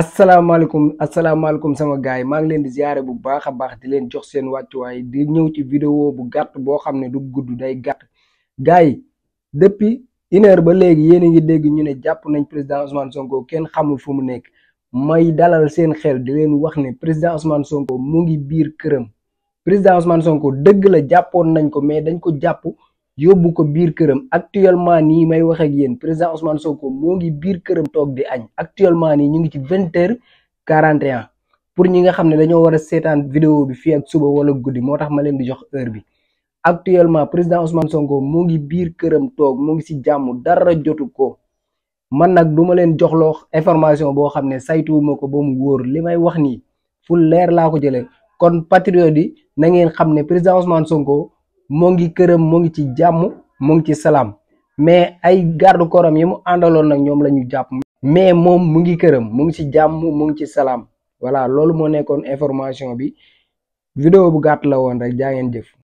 asalaamaaleykum asalaamaaleykum sama gars yi maa ngi leen di ziare bu baax a baax di leen jox seen wàccuwaay di ñëw ci vidéo bu gàtt boo xam ne du gudd day gàtt gars yi depuis une ba léegi yéen a ngi dégg ñu ne jàpp nañ président Ousmane Sonko kenn xamul fu mu nekk may dalal seen xel di leen wax ne président Ousmane Sonko mu ngi biir këram président Ousmane Sonko dëgg la jàppoon nañ ko mais dañ ko jàpp yóbbu ko biir këram actuellement nii may wax ak yéen président Ousmane Sonko moo ngi biir këram toog di añ actuellement nii ñu ngi ci vingt heures quarante et pour ñi nga xam ne dañoo war a seetaan vidéo bi fii ak suba wala guddi moo tax ma leen di jox heure bi actuellement président Ousmane Sonko moo ngi biir këram toog moo ngi ci jàmm dara jotu ko man nag duma leen joxloo information boo xam ne saytuwuma ko ba mu wóor li may wax nii fu leer laa ko jëlee kon patriote yi na ngeen xam ne président Ousmane Sonko. moo ngi këram moo ngi ci jàmm moo ngi ci salaam mais ay garde corps am yi mu àndaloon nag ñoom la ñu jàpp mais moom mu ngi këram mu ngi ci jàmm mu ngi ci salaam voilà loolu moo nekkoon information bi vidéo bu gàtt la woon rek jaa ngeen jëf